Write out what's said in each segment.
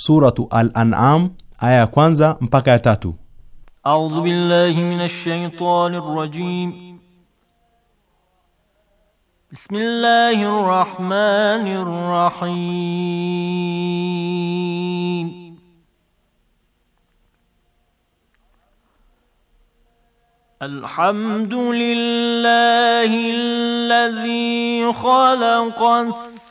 suratu Al-An'am aya ya kwanza mpaka ya tatu. A'udhu billahi minash shaitanir rajim. Bismillahir rahmanir rahim. Alhamdulillahi alladhi الذي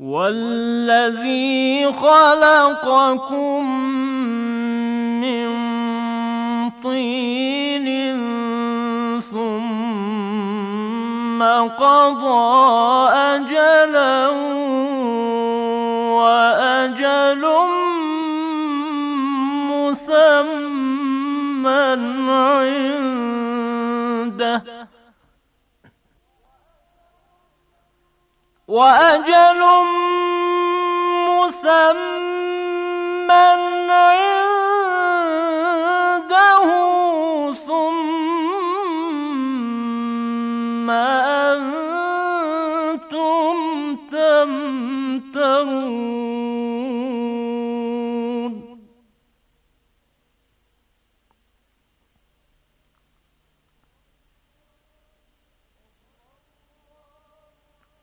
والذي خلقكم من طين ثم قضى أجلا وأجل مسمى عنده وأجل مسمى عنده ثم أنتم تمترون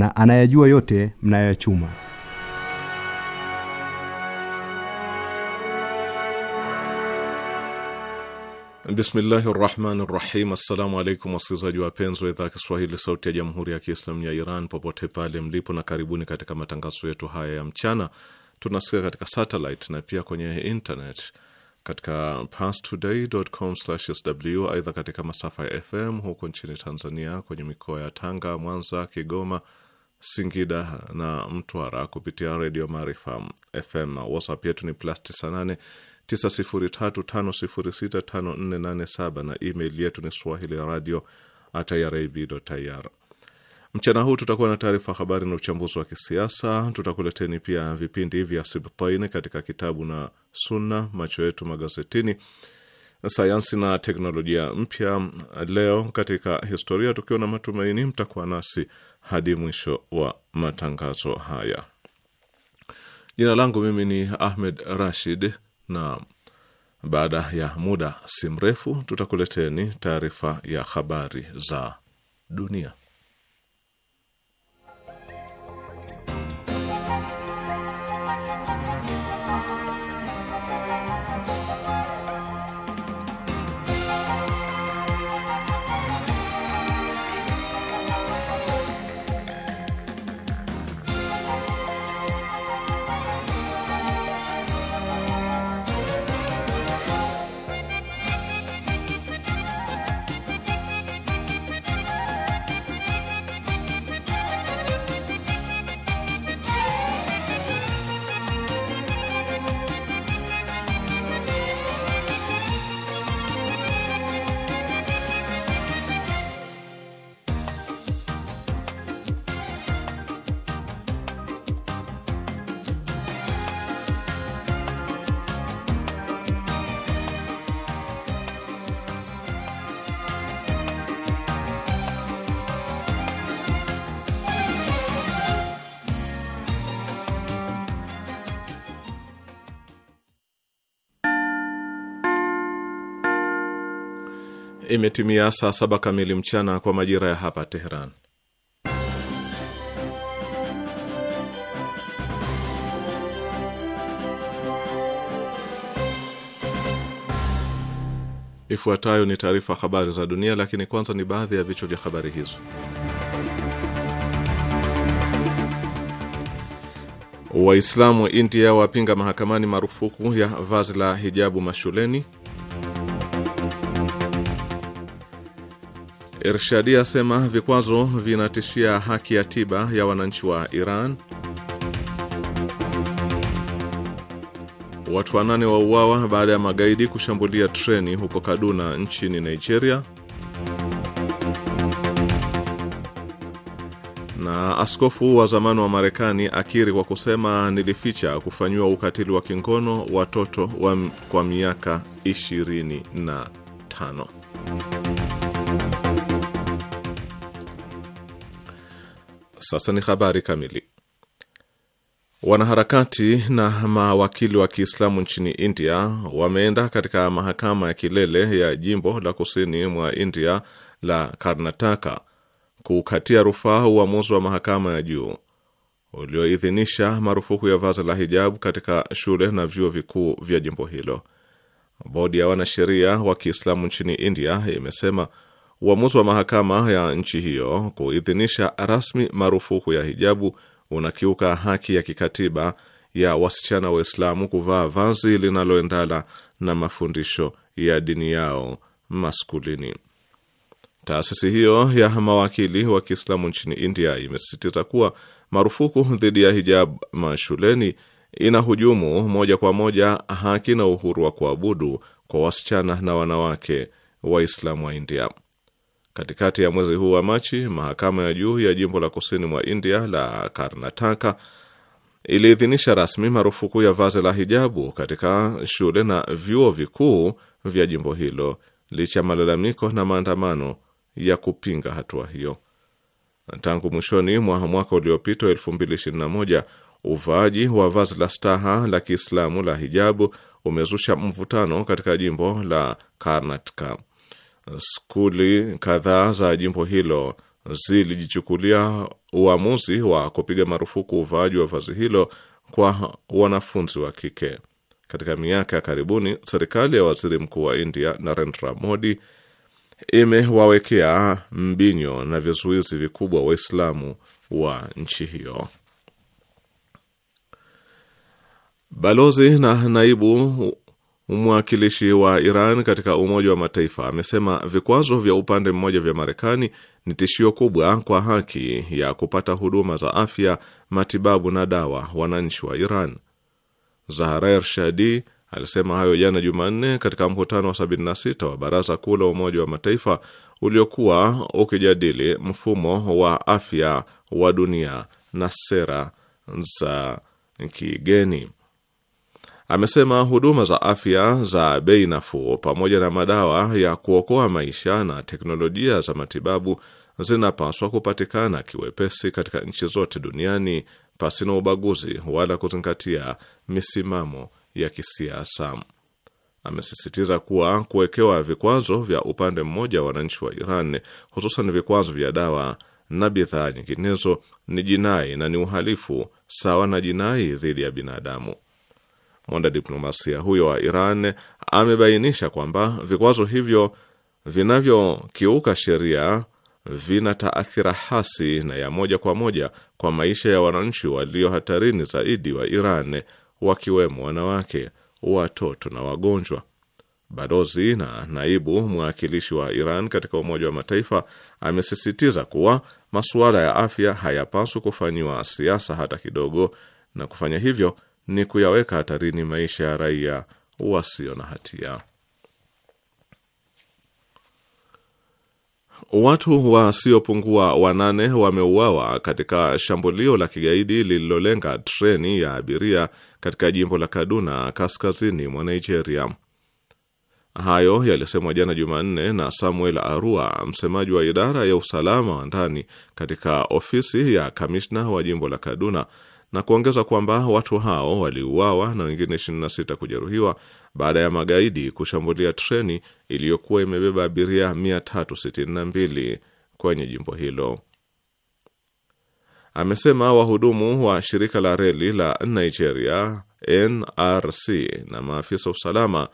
na anayajua yote mnayoyachuma. Bismillahi rahmani rahim. Assalamu alaikum waskilizaji wapenzi wa idhaa ya Kiswahili sauti ya jamhuri ya Kiislamu ya Iran popote pale mlipo, na karibuni katika matangazo yetu haya ya mchana. Tunasikia katika satellite na pia kwenye internet katika pastoday.com/sw. Aidha, katika masafa ya FM huko nchini Tanzania, kwenye mikoa ya Tanga, Mwanza, Kigoma Singida na Mtwara kupitia redio Maarifa FM. WhatsApp yetu ni plus 98 9035065487 na email yetu ni swahili radio irib.ir. Mchana huu tutakuwa na taarifa habari na uchambuzi wa kisiasa. Tutakuleteni pia vipindi vya Sibtain katika kitabu na Sunna, macho yetu magazetini sayansi na teknolojia mpya leo katika historia, tukiwa na matumaini mtakuwa nasi hadi mwisho wa matangazo haya. Jina langu mimi ni Ahmed Rashid, na baada ya muda si mrefu tutakuleteni taarifa ya habari za dunia. Imetimia saa saba kamili mchana kwa majira ya hapa Teheran. Ifuatayo ni taarifa habari za dunia, lakini kwanza ni baadhi ya vichwa vya habari hizo. Waislamu India wapinga mahakamani marufuku ya vazi la hijabu mashuleni. Irshadi asema vikwazo vinatishia haki ya tiba ya wananchi wa Iran. Watu wanane wauawa baada ya magaidi kushambulia treni huko Kaduna nchini Nigeria. Na askofu wa zamani wa Marekani akiri kwa kusema nilificha kufanyiwa ukatili wa kingono watoto wa kwa miaka 25. Sasa ni habari kamili. Wanaharakati na mawakili wa Kiislamu nchini India wameenda katika mahakama ya kilele ya jimbo la kusini mwa India la Karnataka kukatia rufaa uamuzi wa mahakama ya juu ulioidhinisha marufuku ya vazi la hijabu katika shule na vyuo vikuu vya jimbo hilo. Bodi ya wanasheria wa Kiislamu nchini India imesema Uamuzi wa mahakama ya nchi hiyo kuidhinisha rasmi marufuku ya hijabu unakiuka haki ya kikatiba ya wasichana Waislamu kuvaa vazi linaloendana na mafundisho ya dini yao maskulini. Taasisi hiyo ya mawakili wa Kiislamu nchini India imesisitiza kuwa marufuku dhidi ya hijab mashuleni inahujumu moja kwa moja haki na uhuru wa kuabudu kwa wasichana na wanawake Waislamu wa India. Katikati ya mwezi huu wa Machi, mahakama ya juu ya jimbo la kusini mwa India la Karnataka iliidhinisha rasmi marufuku ya vazi la hijabu katika shule na vyuo vikuu vya jimbo hilo licha ya malalamiko na maandamano ya kupinga hatua hiyo. Tangu mwishoni mwa mwaka uliopita 2021, uvaaji wa vazi la staha la Kiislamu la hijabu umezusha mvutano katika jimbo la Karnataka. Eh, skuli kadhaa za jimbo hilo zilijichukulia uamuzi wa kupiga marufuku uvaaji wa vazi hilo kwa wanafunzi wa kike. Katika miaka ya karibuni, serikali ya waziri mkuu wa India Narendra Modi imewawekea mbinyo na vizuizi vikubwa Waislamu wa nchi hiyo. Balozi na naibu mwakilishi wa Iran katika Umoja wa Mataifa amesema vikwazo vya upande mmoja vya Marekani ni tishio kubwa kwa haki ya kupata huduma za afya, matibabu na dawa wananchi wa Iran. Zaharer Shadi alisema hayo jana Jumanne katika mkutano wa 76 wa Baraza Kuu la Umoja wa Mataifa uliokuwa ukijadili mfumo wa afya wa dunia na sera za kigeni. Amesema huduma za afya za bei nafuu pamoja na madawa ya kuokoa maisha na teknolojia za matibabu zinapaswa kupatikana kiwepesi katika nchi zote duniani pasina ubaguzi wala kuzingatia misimamo ya kisiasa. Amesisitiza kuwa kuwekewa vikwazo vya upande mmoja wa wananchi wa Iran, hususan vikwazo vya dawa na bidhaa nyinginezo, ni jinai na ni uhalifu sawa na jinai dhidi ya binadamu. Mwanadiplomasia huyo wa Iran amebainisha kwamba vikwazo hivyo vinavyokiuka sheria vina taathira hasi na ya moja kwa moja kwa maisha ya wananchi walio hatarini zaidi wa Iran, wakiwemo wanawake, watoto na wagonjwa. Balozi na naibu mwakilishi wa Iran katika Umoja wa Mataifa amesisitiza kuwa masuala ya afya hayapaswi kufanyiwa siasa hata kidogo, na kufanya hivyo ni kuyaweka hatarini maisha ya raia wasio na hatia. Watu wasiopungua wanane wameuawa katika shambulio la kigaidi lililolenga treni ya abiria katika jimbo la Kaduna kaskazini mwa Nigeria. Hayo yalisemwa jana Jumanne na Samuel Arua, msemaji wa idara ya usalama wa ndani katika ofisi ya kamishna wa jimbo la Kaduna na kuongeza kwamba watu hao waliuawa na wengine 26 kujeruhiwa baada ya magaidi kushambulia treni iliyokuwa imebeba abiria 362 kwenye jimbo hilo. Amesema wahudumu wa shirika la reli la Nigeria NRC na maafisa usalama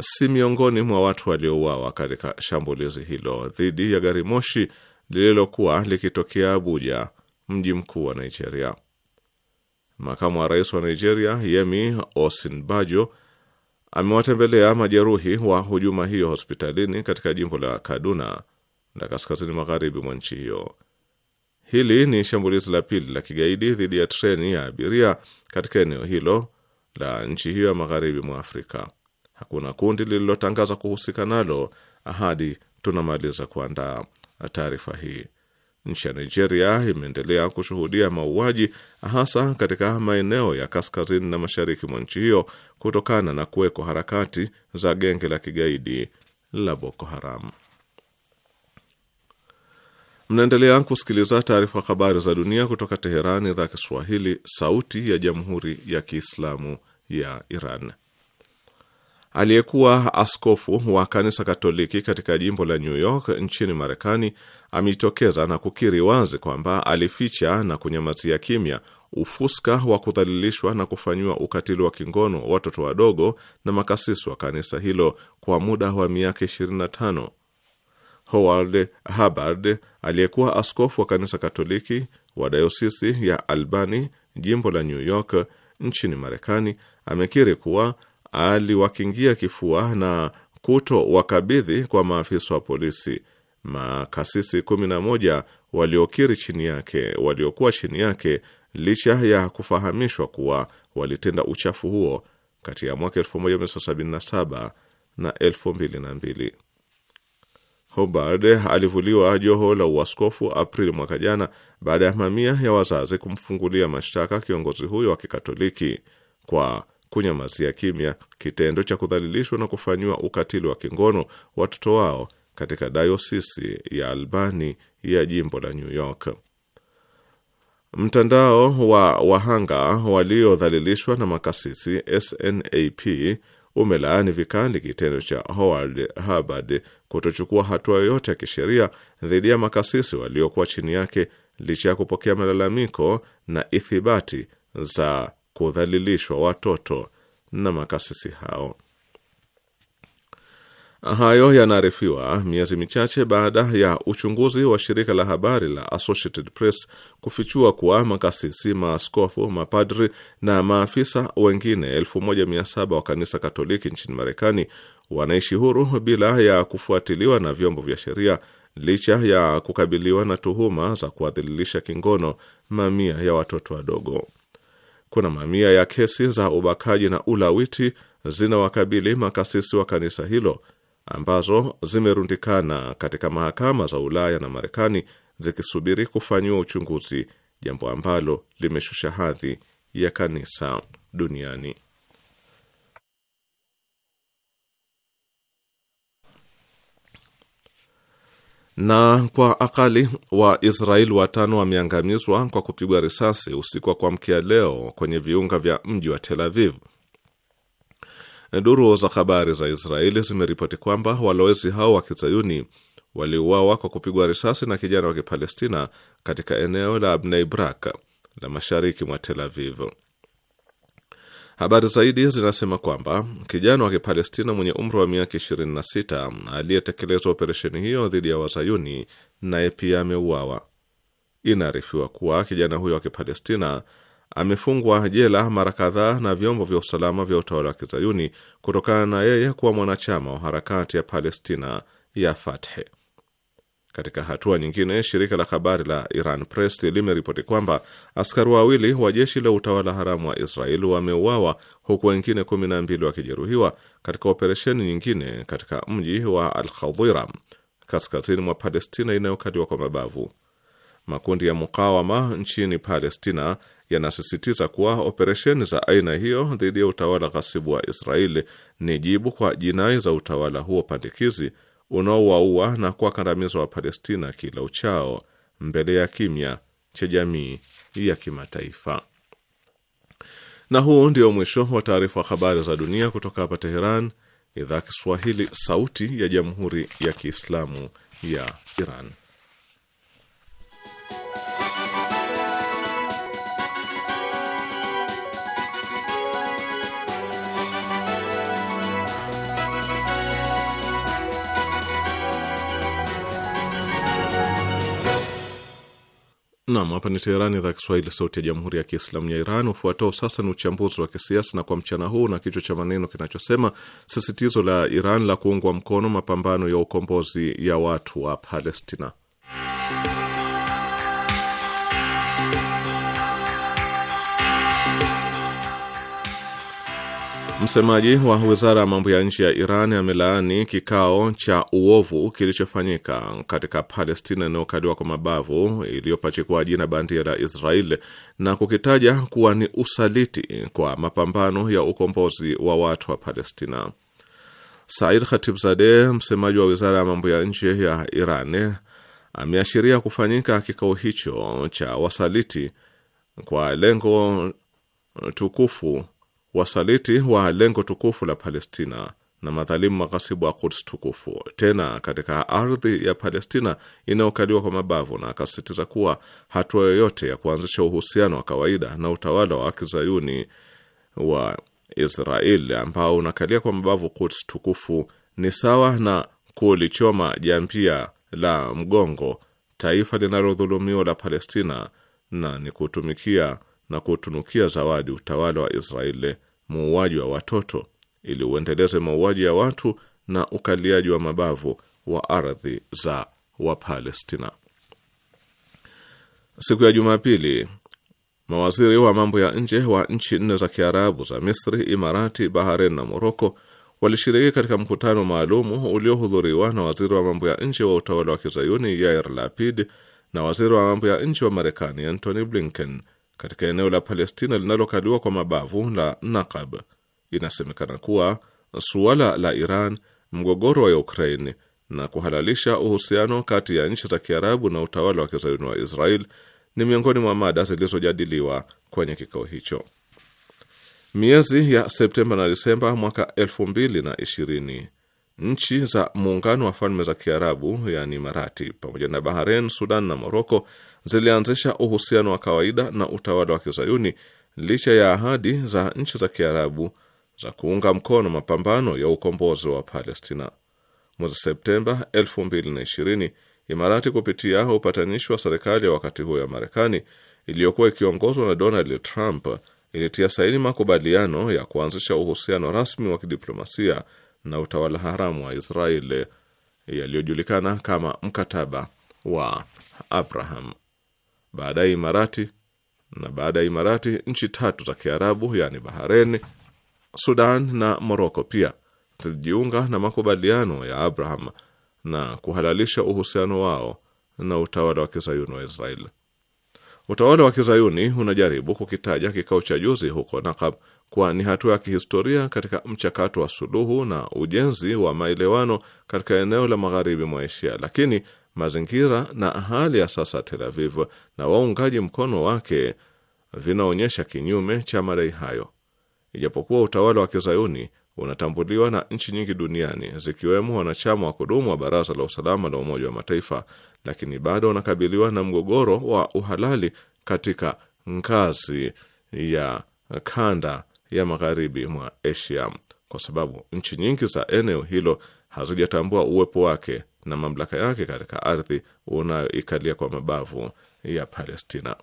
si miongoni mwa watu waliouawa katika shambulizi hilo dhidi ya gari moshi lililokuwa likitokea Abuja, mji mkuu wa Nigeria. Makamu wa rais wa Nigeria Yemi Osinbajo amewatembelea majeruhi wa hujuma hiyo hospitalini katika jimbo la Kaduna na kaskazini magharibi mwa nchi hiyo. Hili ni shambulizi la pili la kigaidi dhidi ya treni ya abiria katika eneo hilo la nchi hiyo ya magharibi mwa Afrika. Hakuna kundi lililotangaza kuhusika nalo hadi tunamaliza kuandaa taarifa hii. Nchi ya Nigeria imeendelea kushuhudia mauaji hasa katika maeneo ya kaskazini na mashariki mwa nchi hiyo kutokana na kuweko harakati za genge la kigaidi la Boko Haram. Mnaendelea kusikiliza taarifa habari za dunia kutoka Teherani, idhaa Kiswahili, sauti ya jamhuri ya kiislamu ya Iran aliyekuwa askofu wa kanisa Katoliki katika jimbo la New York nchini Marekani amejitokeza na kukiri wazi kwamba alificha na kunyamazia kimya ufuska wa kudhalilishwa na kufanyiwa ukatili wa kingono watoto wadogo na makasisi wa kanisa hilo kwa muda wa miaka 25. Howard Hubbard aliyekuwa askofu wa kanisa Katoliki wa dayosisi ya Albany, jimbo la New York nchini Marekani, amekiri kuwa aliwakingia kifua na kuto wakabidhi kwa maafisa wa polisi makasisi kumi na moja waliokiri chini yake waliokuwa chini yake licha ya kufahamishwa kuwa walitenda uchafu huo kati ya mwaka 1977 na 2002. Hobard alivuliwa joho la uaskofu Aprili mwaka jana baada ya mamia ya wazazi kumfungulia mashtaka kiongozi huyo wa Kikatoliki kwa kunyamazia kimya kitendo cha kudhalilishwa na kufanyiwa ukatili wa kingono watoto wao katika dayosisi ya Albani ya jimbo la New York. Mtandao wa wahanga waliodhalilishwa na makasisi SNAP umelaani vikali kitendo cha Howard Hubbard kutochukua hatua yoyote ya kisheria dhidi ya makasisi waliokuwa chini yake licha ya kupokea malalamiko na ithibati za kudhalilishwa watoto na makasisi hao. Hayo yanaarifiwa miezi michache baada ya uchunguzi wa shirika la habari la Associated Press kufichua kuwa makasisi, maaskofu, mapadri na maafisa wengine 1700 wa kanisa Katoliki nchini Marekani wanaishi huru bila ya kufuatiliwa na vyombo vya sheria licha ya kukabiliwa na tuhuma za kuwadhalilisha kingono mamia ya watoto wadogo kuna mamia ya kesi za ubakaji na ulawiti zinawakabili makasisi wa kanisa hilo ambazo zimerundikana katika mahakama za Ulaya na Marekani zikisubiri kufanyiwa uchunguzi, jambo ambalo limeshusha hadhi ya kanisa duniani. Na kwa akali wa Israel watano wameangamizwa kwa kupigwa risasi usiku wa kuamkia leo kwenye viunga vya mji wa Tel Aviv. Duru za habari za Israeli zimeripoti kwamba walowezi hao wa kizayuni waliuawa kwa kupigwa risasi na kijana wa Kipalestina katika eneo la Bnei Brak la mashariki mwa Tel Aviv. Habari zaidi zinasema kwamba kijana wa Kipalestina mwenye umri wa miaka 26 aliyetekeleza operesheni hiyo dhidi ya Wazayuni naye pia ameuawa. Inaarifiwa kuwa kijana huyo wa Kipalestina amefungwa jela mara kadhaa na vyombo vya usalama vya utawala wa Kizayuni kutokana na yeye kuwa mwanachama wa harakati ya Palestina ya Fathe. Katika hatua nyingine, shirika la habari la Iran Press limeripoti kwamba askari wawili wa jeshi la utawala haramu wa israel wameuawa huku wengine 12 wakijeruhiwa katika operesheni nyingine katika mji wa Al-Khadhira kaskazini mwa Palestina inayokaliwa kwa mabavu. Makundi ya mukawama nchini Palestina yanasisitiza kuwa operesheni za aina hiyo dhidi ya utawala ghasibu wa Israeli ni jibu kwa jinai za utawala huo pandikizi unaowaua na kuwakandamiza Wapalestina kila uchao mbele ya kimya cha jamii ya kimataifa. Na huu ndio mwisho wa taarifa habari za dunia kutoka hapa Teheran, idhaa Kiswahili, sauti ya jamhuri ya kiislamu ya Iran. Nam, hapa ni Teherani, idhaa Kiswahili, sauti ya jamhuri ya kiislamu ya Iran. Ufuatao sasa ni uchambuzi wa kisiasa, na kwa mchana huu na kichwa cha maneno kinachosema sisitizo la Iran la kuungwa mkono mapambano ya ukombozi ya watu wa Palestina. Msemaji wa wizara ya mambo ya nje ya Iran amelaani kikao cha uovu kilichofanyika katika Palestina inayokaliwa kwa mabavu iliyopachikwa jina bandia la Israel na kukitaja kuwa ni usaliti kwa mapambano ya ukombozi wa watu wa Palestina. Said Khatibzadeh, msemaji wa wizara ya mambo ya nje ya Iran, ameashiria kufanyika kikao hicho cha wasaliti kwa lengo tukufu wasaliti wa lengo tukufu la Palestina na madhalimu maghasibu wa Quds tukufu, tena katika ardhi ya Palestina inayokaliwa kwa mabavu, na akasisitiza kuwa hatua yoyote ya kuanzisha uhusiano wa kawaida na utawala wa kizayuni wa israel ambao unakalia kwa mabavu Quds tukufu ni sawa na kulichoma jambia la mgongo taifa linalodhulumiwa la Palestina na ni kutumikia na kutunukia zawadi utawala wa Israeli muuaji wa watoto ili uendeleze mauaji ya watu na ukaliaji wa mabavu wa ardhi za Wapalestina. Siku ya Jumapili, mawaziri wa mambo ya nje wa nchi nne za Kiarabu za Misri, Imarati, Bahrain na Moroko walishiriki katika mkutano maalumu uliohudhuriwa na waziri wa mambo ya nje wa utawala wa Kizayuni Yair Lapid na waziri wa mambo ya nje wa Marekani Antony Blinken katika eneo la Palestina linalokaliwa kwa mabavu la Nakab. Inasemekana kuwa suala la Iran, mgogoro wa Ukraine na kuhalalisha uhusiano kati ya nchi za Kiarabu na utawala wa kizayuni wa Israel ni miongoni mwa mada zilizojadiliwa kwenye kikao hicho. Miezi ya Septemba na Disemba mwaka elfu mbili na ishirini nchi za Muungano wa Falme za Kiarabu, yani Imarati, pamoja na Bahrain, Sudan na Moroko zilianzisha uhusiano wa kawaida na utawala wa Kizayuni licha ya ahadi za nchi za Kiarabu za kuunga mkono mapambano ya ukombozi wa Palestina. Mwezi Septemba 2020 Imarati kupitia upatanishi wa serikali ya wakati huo ya Marekani iliyokuwa ikiongozwa na Donald Trump ilitia saini makubaliano ya kuanzisha uhusiano rasmi wa kidiplomasia na utawala haramu wa Israeli yaliyojulikana kama mkataba wa Abraham. Baada ya Imarati na baada ya Imarati, nchi tatu za Kiarabu yaani Bahareni, Sudan na Moroko pia zilijiunga na makubaliano ya Abraham na kuhalalisha uhusiano wao na utawala wa kizayuni wa Israeli. Utawala wa kizayuni unajaribu kukitaja kikao cha juzi huko Nakab kuwa ni hatua ya kihistoria katika mchakato wa suluhu na ujenzi wa maelewano katika eneo la magharibi mwa Asia, lakini mazingira na hali ya sasa Tel Aviv na waungaji mkono wake vinaonyesha kinyume cha madai hayo. Ijapokuwa utawala wa kizayuni unatambuliwa na nchi nyingi duniani zikiwemo wanachama wa kudumu wa Baraza la Usalama la Umoja wa Mataifa, lakini bado unakabiliwa na mgogoro wa uhalali katika ngazi ya kanda ya magharibi mwa Asia, kwa sababu nchi nyingi za eneo hilo hazijatambua uwepo wake na mamlaka yake katika ardhi unayoikalia kwa mabavu ya Palestina.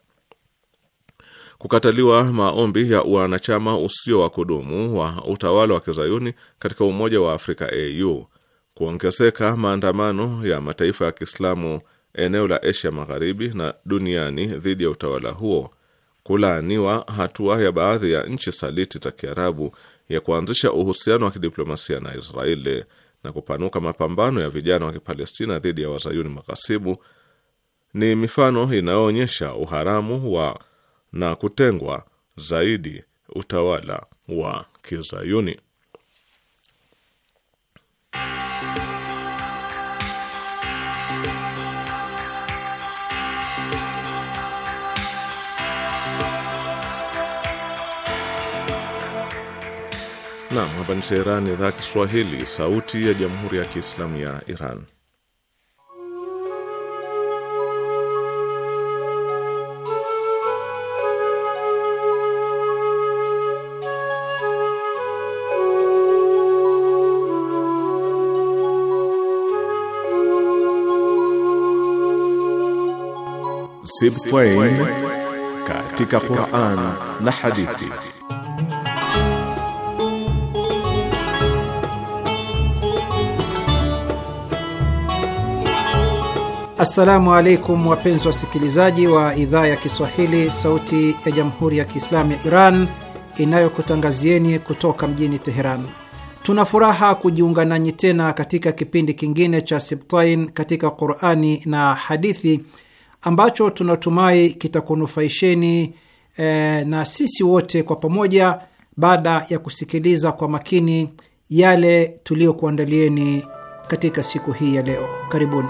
Kukataliwa maombi ya wanachama usio wa kudumu wa utawala wa kizayuni katika Umoja wa Afrika au kuongezeka maandamano ya mataifa ya Kiislamu eneo la Asia Magharibi na duniani dhidi ya utawala huo kulaaniwa hatua ya baadhi ya nchi saliti za Kiarabu ya kuanzisha uhusiano wa kidiplomasia na Israeli na kupanuka mapambano ya vijana wa Kipalestina dhidi ya wazayuni maghasibu ni mifano inayoonyesha uharamu wa na kutengwa zaidi utawala wa kizayuni. Naam, hapa ni Teheran, idhaa ya Kiswahili, sauti ya jamhuri ya kiislamu ya Iran. Sibtain katika Quran na hadithi Assalamu alaikum wapenzi wasikilizaji wa idhaa ya Kiswahili, sauti ya jamhuri ya kiislamu ya Iran inayokutangazieni kutoka mjini Teheran. Tuna furaha kujiunga nanyi tena katika kipindi kingine cha Sibtain katika Qurani na hadithi ambacho tunatumai kitakunufaisheni e, na sisi wote kwa pamoja, baada ya kusikiliza kwa makini yale tuliyokuandalieni katika siku hii ya leo. Karibuni.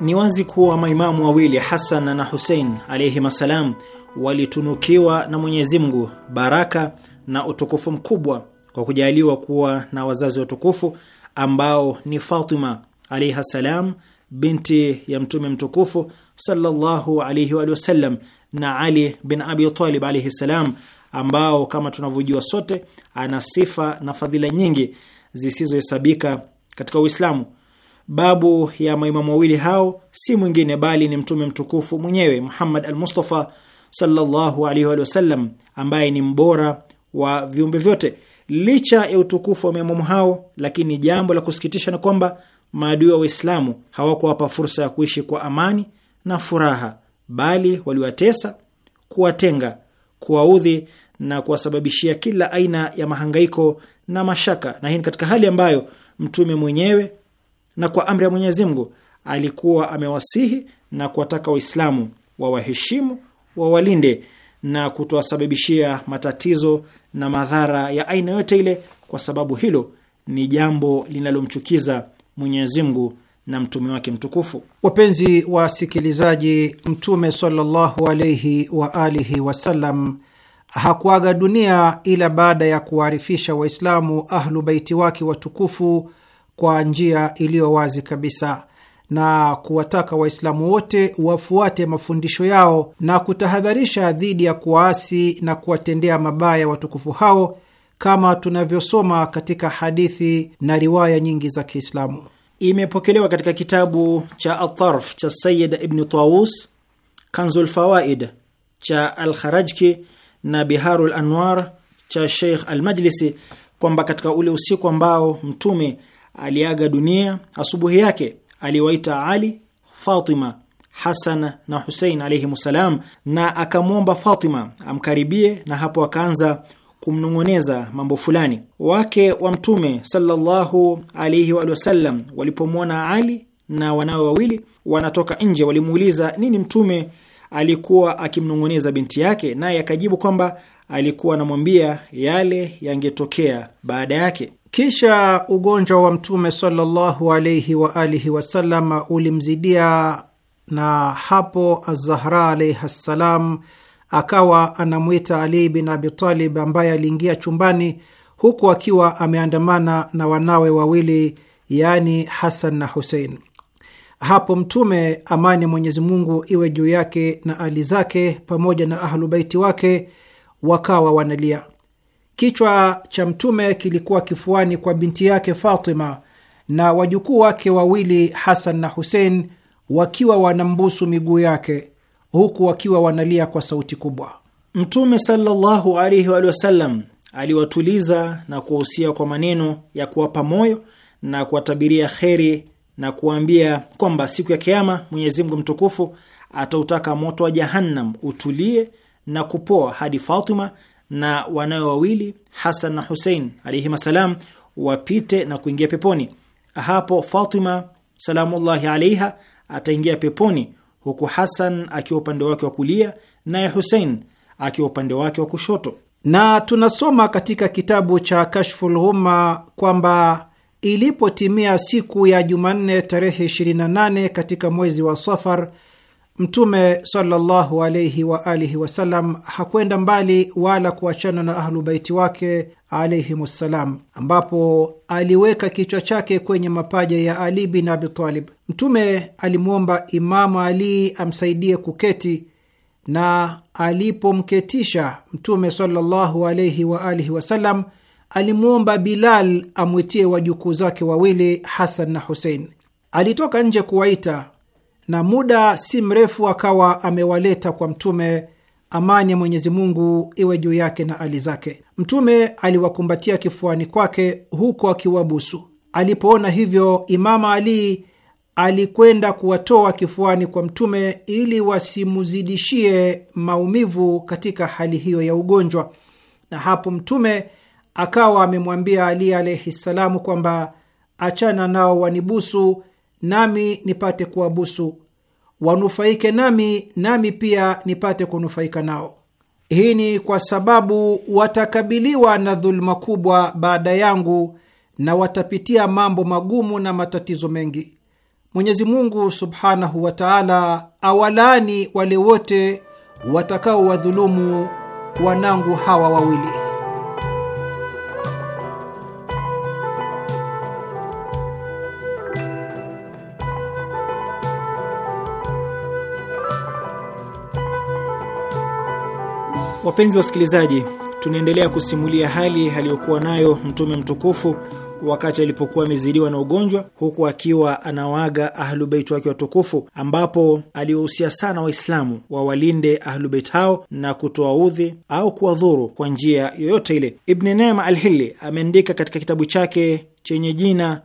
Ni wazi kuwa maimamu wawili Hasan na Husein alaihim assalam walitunukiwa na Mwenyezi Mungu baraka na utukufu mkubwa kwa kujaliwa kuwa na wazazi watukufu ambao ni Fatima alayha salam binti ya Mtume mtukufu sallallahu alayhi wa sallam na Ali bin Abi Talib alaihi salam, ambao kama tunavyojua sote ana sifa na fadhila nyingi zisizohesabika katika Uislamu. Babu ya maimamu wawili hao si mwingine bali ni mtume mtukufu mwenyewe Muhammad al-Mustafa sallallahu alaihi wa sallam, ambaye ni mbora wa viumbe vyote. Licha ya utukufu wa maimamu hao, lakini jambo la kusikitisha ni kwamba maadui wa Waislamu hawakuwapa fursa ya kuishi kwa amani na furaha, bali waliwatesa, kuwatenga, kuwaudhi na kuwasababishia kila aina ya mahangaiko na mashaka, na hii ni katika hali ambayo mtume mwenyewe na kwa amri ya Mwenyezi Mungu alikuwa amewasihi na kuwataka Waislamu wawaheshimu, wawalinde na kutowasababishia matatizo na madhara ya aina yote ile, kwa sababu hilo ni jambo linalomchukiza Mwenyezi Mungu na mtume wake mtukufu. Wapenzi wasikilizaji, Mtume sallallahu alaihi wa alihi wasallam hakuaga dunia ila baada ya kuwaarifisha Waislamu ahlu baiti wake watukufu kwa njia iliyo wazi kabisa na kuwataka Waislamu wote wafuate mafundisho yao na kutahadharisha dhidi ya kuwaasi na kuwatendea mabaya watukufu hao kama tunavyosoma katika hadithi na riwaya nyingi za Kiislamu. Imepokelewa katika kitabu cha Atarf cha Sayid Ibni Taus, Kanzul Fawaid cha alharajki na Biharul Anwar cha Sheikh Almajlisi kwamba katika ule usiku ambao Mtume aliaga dunia. Asubuhi yake aliwaita Ali, Fatima, Hasan na Husein alaihimussalam, na akamwomba Fatima amkaribie, na hapo akaanza kumnong'oneza mambo fulani. Wake wa Mtume sallallahu alaihi wa sallam walipomwona Ali na wanawe wawili wanatoka nje, walimuuliza nini Mtume alikuwa akimnong'oneza binti yake, naye akajibu kwamba alikuwa anamwambia yale yangetokea baada yake. Kisha ugonjwa wa Mtume sallallahu alaihi wa alihi wasallam ulimzidia, na hapo Azahra alaihi ssalam akawa anamwita Ali bin Abitalib ambaye aliingia chumbani huku akiwa ameandamana na wanawe wawili, yaani Hasan na Husein. Hapo Mtume, amani ya Mwenyezi Mungu iwe juu yake na ali zake, pamoja na ahlubaiti wake, wakawa wanalia. Kichwa cha Mtume kilikuwa kifuani kwa binti yake Fatima na wajukuu wake wawili Hasan na Husein wakiwa wanambusu miguu yake huku wakiwa wanalia kwa sauti kubwa. Mtume sallallahu alaihi wa sallam aliwatuliza na kuwahusia kwa maneno ya kuwapa moyo na kuwatabiria kheri na kuwaambia kwamba siku ya Kiama Mwenyezi Mungu mtukufu atautaka moto wa Jahannam utulie na kupoa hadi Fatima na wanawe wawili Hasan na Husein alaihim assalam wapite na kuingia peponi. Hapo Fatima salamullahi alaiha ataingia peponi huku Hasan akiwa upande wake wa kulia, naye Husein akiwa upande wake wa kushoto. Na tunasoma katika kitabu cha Kashful Ghumma kwamba ilipotimia siku ya Jumanne tarehe 28 katika mwezi wa Safar Mtume sallallahu alaihi wa alihi wasallam hakwenda mbali wala kuachana na ahlubaiti wake alaihimssalam, ambapo aliweka kichwa chake kwenye mapaja ya Ali bin Abi Talib. Mtume alimwomba Imamu Ali amsaidie kuketi, na alipomketisha Mtume sallallahu alaihi wa alihi wasallam alimwomba Bilal amwitie wajukuu zake wawili Hasan na Husein. Alitoka nje kuwaita na muda si mrefu akawa amewaleta kwa Mtume, amani ya Mwenyezi Mungu iwe juu yake na ali zake. Mtume aliwakumbatia kifuani kwake huku akiwabusu. Alipoona hivyo, Imama Ali alikwenda kuwatoa kifuani kwa Mtume ili wasimuzidishie maumivu katika hali hiyo ya ugonjwa, na hapo Mtume akawa amemwambia Ali alaihi ssalamu kwamba achana nao wanibusu nami nipate kuwabusu, wanufaike nami, nami pia nipate kunufaika nao. Hii ni kwa sababu watakabiliwa na dhuluma kubwa baada yangu na watapitia mambo magumu na matatizo mengi. Mwenyezi Mungu subhanahu wa taala awalaani wale wote watakaowadhulumu wanangu hawa wawili. Wapenzi wasikilizaji, tunaendelea kusimulia hali aliyokuwa nayo Mtume mtukufu wakati alipokuwa amezidiwa na ugonjwa huku akiwa anawaga ahlubeit wake watukufu, ambapo aliwahusia sana Waislamu wawalinde ahlubeit hao na kutoa udhi au kuwadhuru kwa njia yoyote ile. Ibni Nema Hili ameandika katika kitabu chake chenye jina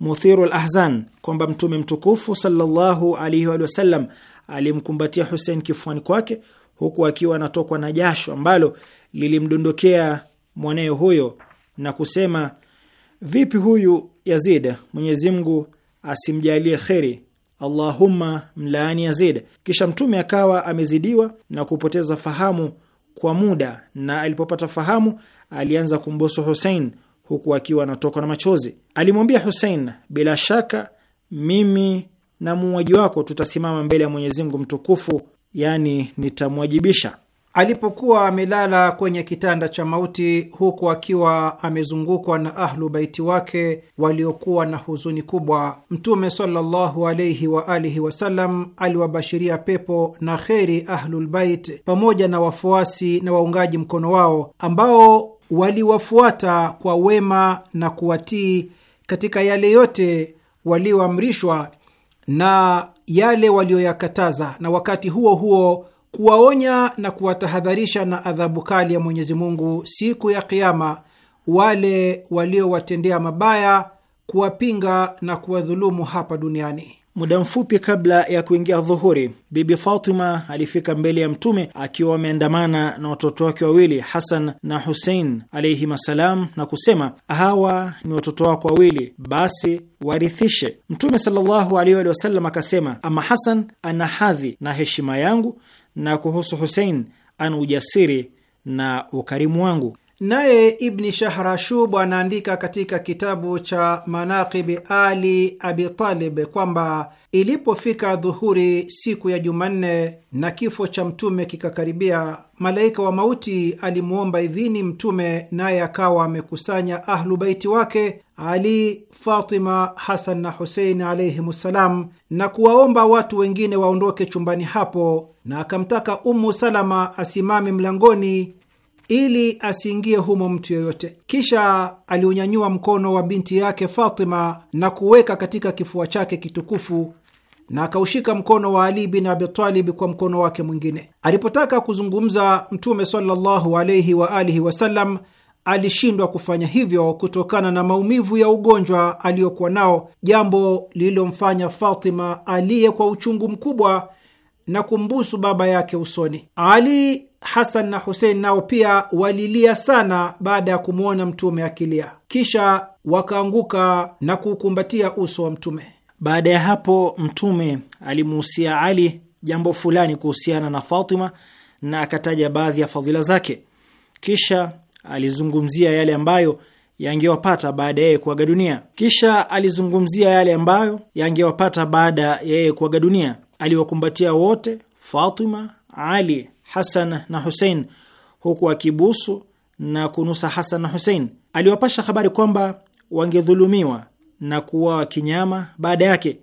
Muthiru ahzan kwamba Mtume mtukufu sallallahu alaihi wasallam alimkumbatia Husein kifuani kwake huku akiwa anatokwa na jasho ambalo lilimdondokea mwanaye huyo na kusema, vipi huyu Yazid, Mwenyezi Mungu asimjalie kheri, Allahumma mlaani Yazid. Kisha Mtume akawa amezidiwa na kupoteza fahamu kwa muda, na alipopata fahamu alianza kumboso Husein huku akiwa anatokwa na machozi. Alimwambia Husein, bila shaka mimi na muuaji wako tutasimama mbele ya Mwenyezi Mungu mtukufu yani nitamwajibisha. Alipokuwa amelala kwenye kitanda cha mauti huku akiwa amezungukwa na ahlu baiti wake waliokuwa na huzuni kubwa, Mtume sallallahu alaihi wa alihi wasallam aliwabashiria pepo na kheri Ahlulbait pamoja na wafuasi na waungaji mkono wao ambao waliwafuata kwa wema na kuwatii katika yale yote walioamrishwa na yale waliyoyakataza na wakati huo huo kuwaonya na kuwatahadharisha na adhabu kali ya Mwenyezi Mungu siku ya Kiama wale waliowatendea mabaya, kuwapinga na kuwadhulumu hapa duniani. Muda mfupi kabla ya kuingia dhuhuri, Bibi Fatima alifika mbele ya Mtume akiwa wameandamana na watoto wake wawili Hasan na Husein alaihim assalam, na kusema, hawa ni watoto wako wawili, basi warithishe. Mtume sallallahu alaihi wasallam akasema, ama Hasan ana hadhi na heshima yangu, na kuhusu Husein ana ujasiri na ukarimu wangu. Naye Ibni Shahrashub anaandika katika kitabu cha Manaqibi Ali abitalib kwamba ilipofika dhuhuri siku ya Jumanne na kifo cha Mtume kikakaribia, malaika wa mauti alimwomba idhini Mtume, naye akawa amekusanya Ahlu Baiti wake Ali, Fatima, Hasan na Husein alaihim ssalam, na kuwaomba watu wengine waondoke chumbani hapo, na akamtaka Ummu Salama asimame mlangoni ili asiingie humo mtu yoyote. Kisha aliunyanyua mkono wa binti yake Fatima na kuweka katika kifua chake kitukufu na akaushika mkono wa Ali bin Abi Talib kwa mkono wake mwingine. Alipotaka kuzungumza, Mtume sallallahu alayhi wa alihi wasallam alishindwa kufanya hivyo kutokana na maumivu ya ugonjwa aliyokuwa nao, jambo lililomfanya Fatima aliye kwa uchungu mkubwa na kumbusu baba yake usoni. Ali Hasan na Husein nao pia walilia sana baada ya kumwona mtume akilia, kisha wakaanguka na kuukumbatia uso wa mtume. Baada ya hapo, mtume alimuhusia Ali jambo fulani kuhusiana na Fatima na akataja baadhi ya fadhila zake. Kisha alizungumzia yale ambayo yangewapata baada ya yeye kuaga dunia. Kisha alizungumzia yale ambayo yangewapata baada ya yeye kuaga dunia. Aliwakumbatia wote Fatima, Ali Hasan na Husein huku akibusu na kunusa Hasan na Husein. Aliwapasha habari kwamba wangedhulumiwa na kuuawa kinyama. Baada yake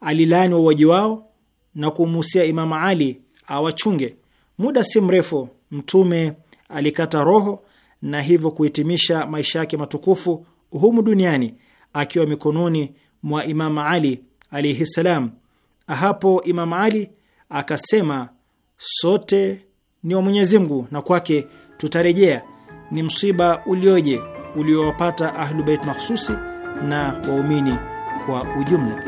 alilaani wauaji wao na kumuhusia Imamu Ali awachunge. Muda si mrefu Mtume alikata roho na hivyo kuhitimisha maisha yake matukufu humu duniani akiwa mikononi mwa Imamu Ali alaihi ssalam. Hapo Imamu Ali akasema sote ni wa Mwenyezi Mungu na kwake tutarejea. Ni msiba ulioje uliowapata Ahlu Bait mahsusi na waumini kwa ujumla.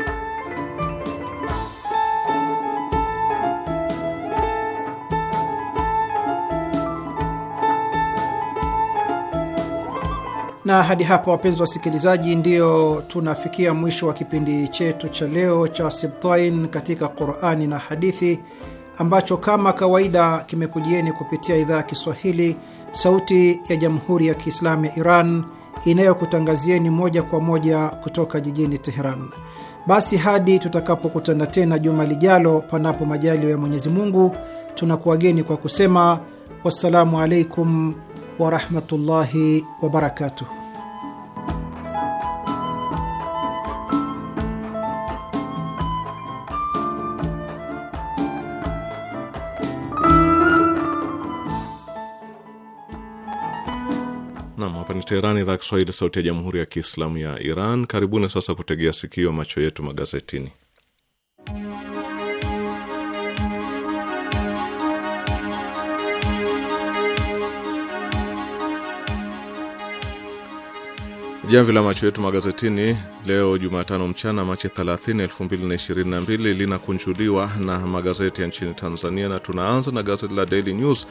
Na hadi hapa, wapenzi wasikilizaji, ndio tunafikia mwisho wa kipindi chetu cha leo cha Sibtain katika Qurani na Hadithi ambacho kama kawaida kimekujieni kupitia idhaa ya Kiswahili, Sauti ya Jamhuri ya Kiislamu ya Iran inayokutangazieni moja kwa moja kutoka jijini Teheran. Basi hadi tutakapokutana tena juma lijalo, panapo majalio ya Mwenyezi Mungu, tunakuwageni kwa kusema wassalamu alaikum warahmatullahi wabarakatuh. Teherani, idhaa Kiswahili, sauti ya jamhuri ya kiislamu ya Iran. Karibuni sasa kutegea sikio, macho yetu magazetini. Jamvi la macho yetu magazetini leo Jumatano mchana Machi 30, 2022 linakunjuliwa na magazeti ya nchini Tanzania, na tunaanza na gazeti la Daily News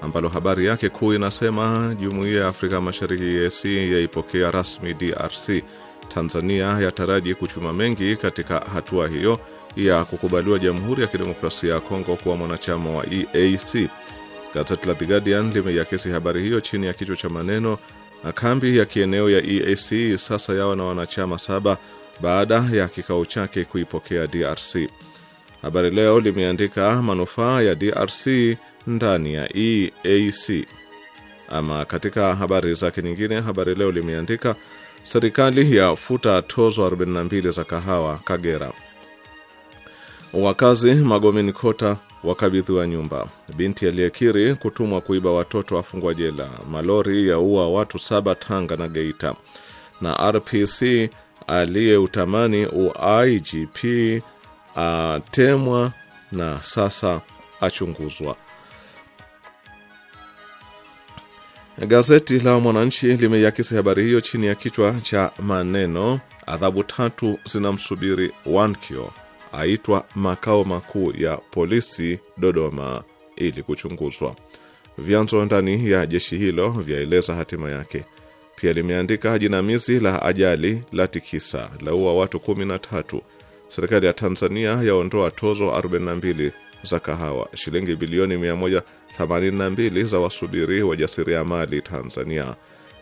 ambalo habari yake kuu inasema jumuiya ya Afrika Mashariki EAC yaipokea rasmi DRC. Tanzania yataraji kuchuma mengi katika hatua hiyo ya kukubaliwa Jamhuri ya Kidemokrasia ya Kongo kuwa mwanachama wa EAC. Gazeti la The Guardian limeiakisi habari hiyo chini ya kichwa cha maneno, na kambi ya kieneo ya EAC sasa yawa na wanachama saba baada ya kikao chake kuipokea DRC. Habari Leo limeandika manufaa ya DRC ndani ya EAC. Ama katika habari zake nyingine, Habari Leo limeandika serikali yafuta tozo 42 za kahawa Kagera, wakazi Magomeni Kota wakabidhiwa nyumba, binti aliyekiri kutumwa kuiba watoto afungwa jela, malori yaua watu saba Tanga na Geita, na RPC aliyeutamani uigp atemwa na sasa achunguzwa. Gazeti la Mwananchi limeiakisi habari hiyo chini ya kichwa cha maneno, adhabu tatu zinamsubiri Wankio aitwa makao makuu ya polisi Dodoma ili kuchunguzwa. Vyanzo ndani ya jeshi hilo vyaeleza hatima yake. Pia limeandika jinamizi la ajali la tikisa la ua watu 13, serikali ya Tanzania yaondoa tozo za kahawa, shilingi bilioni 182 za wasubiri wajasiriamali Tanzania,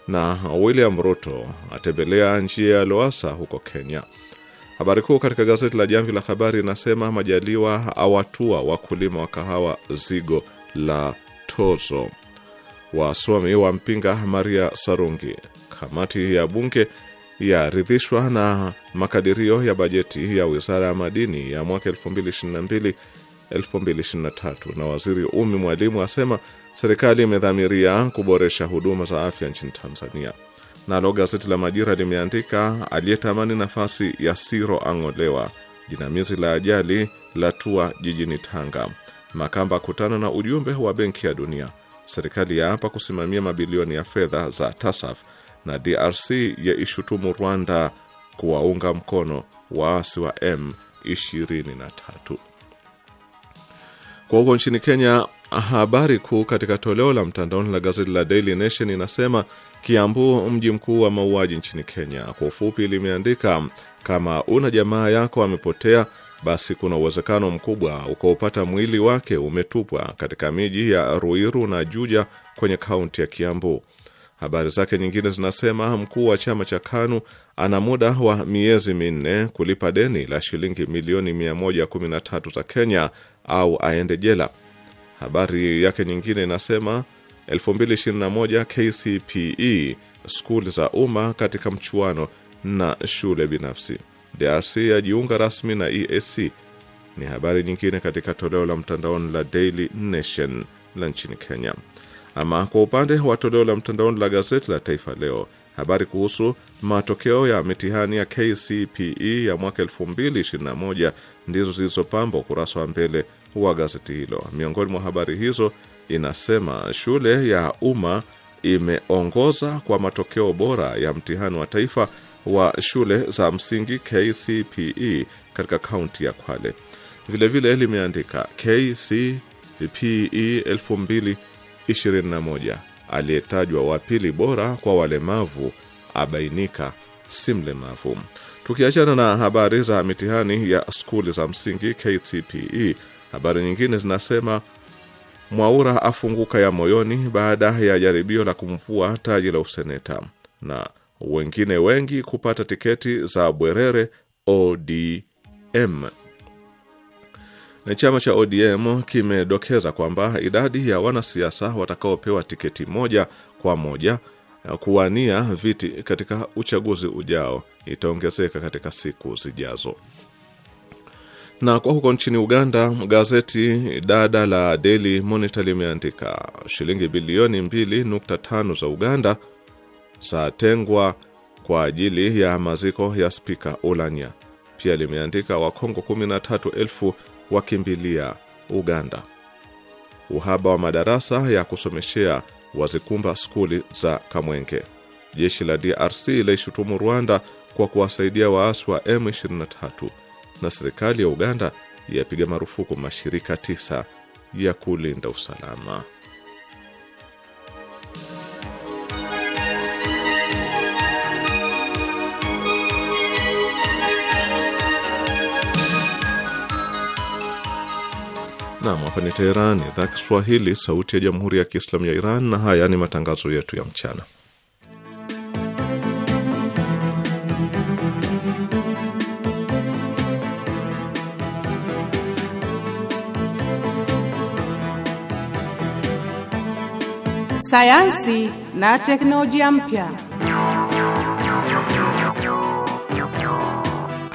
na William Ruto atembelea njia ya Loasa huko Kenya. Habari kuu katika gazeti la Jamvi la Habari inasema Majaliwa awatua wakulima wa kahawa zigo la tozo, wasomi wa mpinga Maria Sarungi, kamati ya bunge yaridhishwa na makadirio ya bajeti ya wizara ya madini ya mwaka 2022 2023. Na waziri Umi Mwalimu asema serikali imedhamiria kuboresha huduma za afya nchini Tanzania. Nalo gazeti la Majira limeandika aliyetamani nafasi ya Siro ang'olewa, jinamizi la ajali la tua jijini Tanga, Makamba kutana na ujumbe wa Benki ya Dunia, serikali yaapa kusimamia mabilioni ya fedha za TASAF na DRC ya ishutumu Rwanda kuwaunga mkono waasi wa M23. Kwa huko nchini Kenya, habari kuu katika toleo la mtandaoni la gazeti la Daily Nation inasema Kiambu mji mkuu wa mauaji nchini Kenya. Kwa ufupi, limeandika kama una jamaa yako amepotea, basi kuna uwezekano mkubwa ukaupata mwili wake umetupwa katika miji ya Ruiru na Juja kwenye kaunti ya Kiambu. Habari zake nyingine zinasema mkuu wa chama cha KANU ana muda wa miezi minne kulipa deni la shilingi milioni 113 za Kenya au aende jela. Habari yake nyingine inasema 2021 KCPE skuli za umma katika mchuano na shule binafsi. DRC yajiunga rasmi na EAC ni habari nyingine katika toleo la mtandaoni la Daily Nation la nchini Kenya. Ama kwa upande wa toleo la mtandaoni la gazeti la Taifa Leo, habari kuhusu matokeo ya mitihani ya KCPE ya mwaka 2021 ndizo zilizopamba ukurasa wa mbele wa gazeti hilo. Miongoni mwa habari hizo inasema shule ya umma imeongoza kwa matokeo bora ya mtihani wa taifa wa shule za msingi KCPE katika kaunti ya Kwale. Vilevile limeandika KCPE 2021 aliyetajwa wa pili bora kwa walemavu abainika si mlemavu. Tukiachana na habari za mitihani ya skuli za msingi ktpe habari nyingine zinasema Mwaura afunguka ya moyoni baada ya jaribio la kumvua taji la useneta, na wengine wengi kupata tiketi za Bwerere ODM. Chama cha ODM kimedokeza kwamba idadi ya wanasiasa watakaopewa tiketi moja kwa moja Eh, kuwania viti katika uchaguzi ujao itaongezeka katika siku zijazo. Na kwa huko nchini Uganda, gazeti dada la Daily Monitor limeandika shilingi bilioni 2.5 za Uganda zatengwa kwa ajili ya maziko ya spika ulanya Pia limeandika Wakongo 13,000 wakimbilia Uganda. Uhaba wa madarasa ya kusomeshea wazikumba skuli za Kamwenge. Jeshi la DRC laishutumu Rwanda kwa kuwasaidia waasi wa M23, na serikali ya Uganda yapiga marufuku mashirika tisa ya kulinda usalama. Nam, hapa ni Teherani, idhaa Kiswahili, sauti ya jamhuri ya kiislamu ya Iran, na haya ni matangazo yetu ya mchana. Sayansi na teknolojia mpya.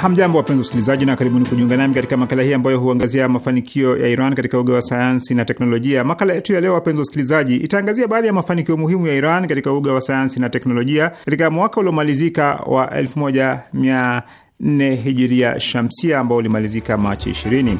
Hamjambo, wapenzi wasikilizaji, na karibuni kujiunga nami katika makala hii ambayo huangazia mafanikio ya Iran katika uga wa sayansi na teknolojia. Makala yetu ya leo, wapenzi wasikilizaji, itaangazia baadhi ya mafanikio muhimu ya Iran katika uga wa sayansi na teknolojia katika mwaka uliomalizika wa 1404 hijiria shamsia ambao ulimalizika Machi 20.